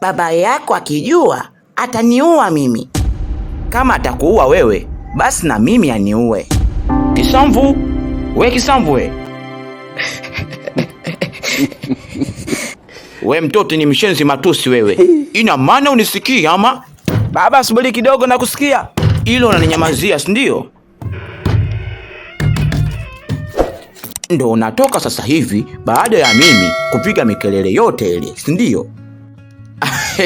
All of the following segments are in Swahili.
Baba yako akijua ataniua mimi. Kama atakuua wewe, basi na mimi aniue. Kisamvu we, kisamvu we! We mtoto ni mshenzi matusi wewe, ina maana unisikii ama? Baba subiri kidogo, nakusikia. Ilo unaninyamazia si ndio? Ndo unatoka sasa hivi baada ya mimi kupiga mikelele yote ile, si ndio?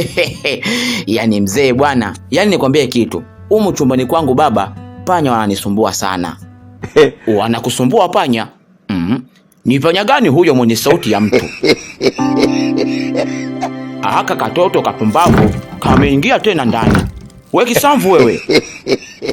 yani mzee bwana, yani nikwambie kitu, umu chumbani kwangu baba, panya wananisumbua sana. Wanakusumbua panya? Mm. Ni panya gani huyo mwenye sauti ya mtu? Aka katoto kapumbavu kameingia tena ndani. wekisamvu wewe,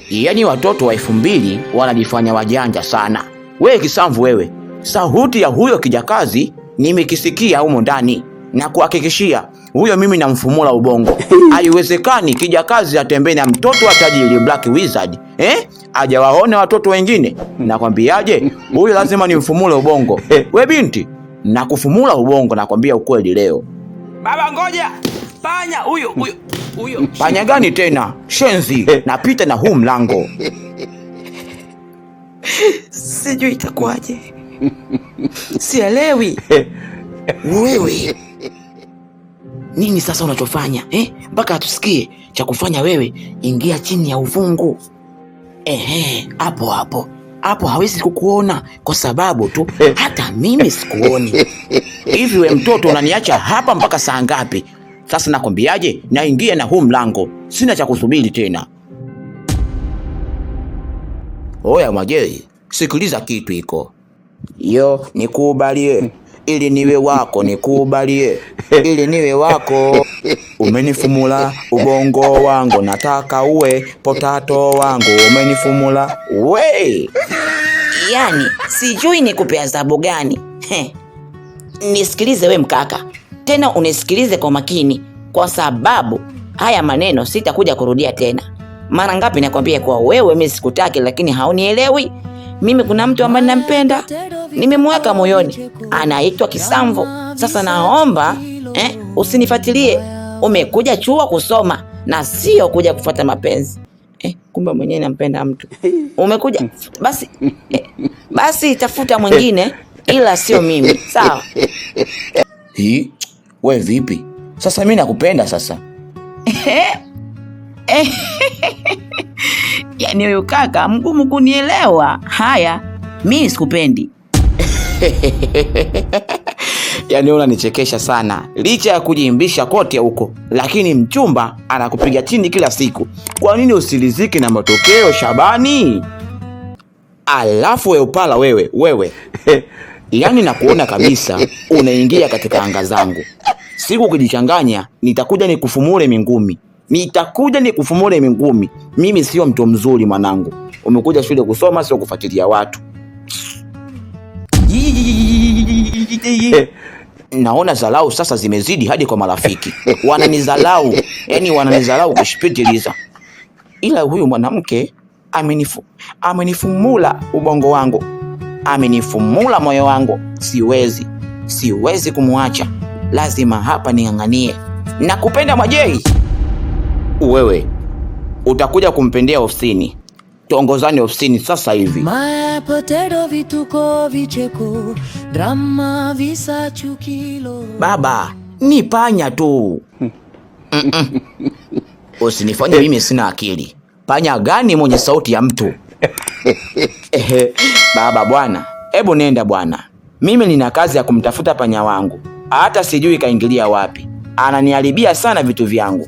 yani watoto wa elfu mbili wanajifanya wajanja sana. wee kisamvu wewe, sauti ya huyo kijakazi nimekisikia humo ndani na kuhakikishia huyo mimi namfumula ubongo. Haiwezekani kijakazi atembee na mtoto wa tajiri Black Wizard eh? Ajawaona watoto wengine, hmm. nakwambiaje huyo lazima nimfumule ubongo. We binti, nakufumula ubongo, nakwambia ukweli leo. Baba ngoja, panya huyo huyo huyo. Panya gani tena? Shenzi, napita na huu mlango sijui itakuwaje, sielewi wewe nini sasa unachofanya eh? mpaka atusikie Hatusikie cha kufanya wewe, ingia chini ya uvungu ehe, hapo hapo hapo hawezi kukuona kwa sababu tu hata mimi sikuoni. Hivi we mtoto unaniacha hapa mpaka saa ngapi? Sasa nakwambiaje, naingia na huu mlango, sina cha kusubiri tena. Oya Mwajei, sikiliza kitu iko iyo nikubalie ili niwe wako, nikubalie ili niwe wako. Umenifumula ubongo wangu, nataka uwe potato wangu, umenifumula we. Yani sijui ni kupea adhabu gani. nisikilize we mkaka, tena unisikilize kwa makini, kwa sababu haya maneno sitakuja kurudia tena. Mara ngapi nakwambia kuwa wewe mimi sikutaki, lakini haunielewi mimi. Kuna mtu ambaye nampenda nimemweka moyoni, anaitwa Kisamvu. Sasa naomba eh, usinifuatilie. Umekuja chuo kusoma na sio kuja kufuata mapenzi eh. Kumbe mwenyewe nampenda mtu, umekuja basi eh, basi tafuta mwingine, ila sio mimi, sawa? Hii we vipi sasa, mi nakupenda sasa yaani huyu kaka mgumu kunielewa. Haya, mi sikupendi. Yaani unanichekesha sana. Licha ya kujiimbisha kote huko, lakini mchumba anakupiga chini kila siku. Kwa nini usilizike na matokeo, Shabani? Alafu weupala upala wewe, wewe yaani nakuona kabisa unaingia katika anga zangu. Siku ukijichanganya, nitakuja nikufumule mingumi, nitakuja nikufumule mingumi. Mimi sio mtu mzuri mwanangu. Umekuja shule kusoma, sio kufuatilia watu. eh, naona zalau sasa zimezidi hadi kwa marafiki wananizalau, yani wananizalau kushipitiliza, ila huyu mwanamke amenifu, amenifumula ubongo wangu, amenifumula moyo wangu. Siwezi, siwezi kumwacha, lazima hapa ning'ang'anie. Nakupenda Mwajei. Wewe utakuja kumpendea ofisini tuongozane ofisini sasa hivi. Mapotero, vituko, vicheko, drama, visa, chukilo. Baba ni panya tu Usinifanye mimi sina akili. Panya gani mwenye sauti ya mtu? Baba bwana, hebu nenda bwana, mimi nina kazi ya kumtafuta panya wangu, hata sijui kaingilia wapi, ananiharibia sana vitu vyangu.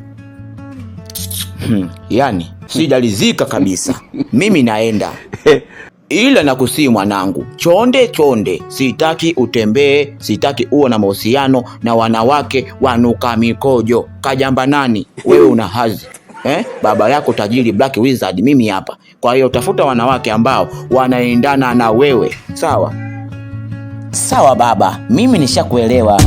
Hmm, yani sijalizika kabisa. Mimi naenda ila nakusii mwanangu, chonde chonde, sitaki utembee, sitaki uwe na mahusiano na wanawake wanuka mikojo. Kajamba nani wewe, una hazi eh? Baba yako tajiri Black Wizard, mimi hapa. Kwa hiyo tafuta wanawake ambao wanaendana na wewe. Sawa sawa baba, mimi nishakuelewa.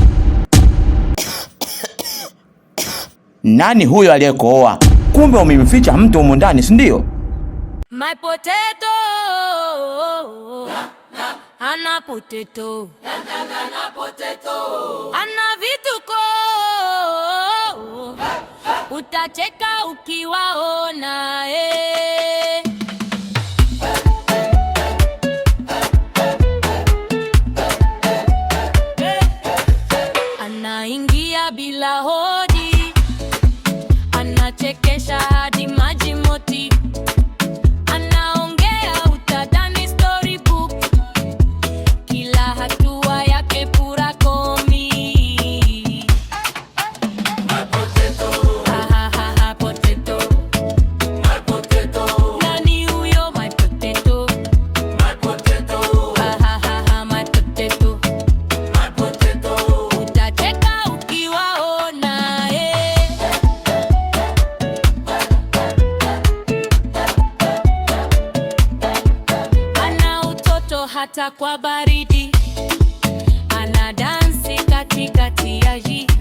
Nani huyo aliyekooa? kumbe umemficha mtu humu ndani, si ndio? My potato, ana potato, ana potato ana vituko, utacheka ukiwaona eh. hata kwa baridi, dansi katikati ya jiji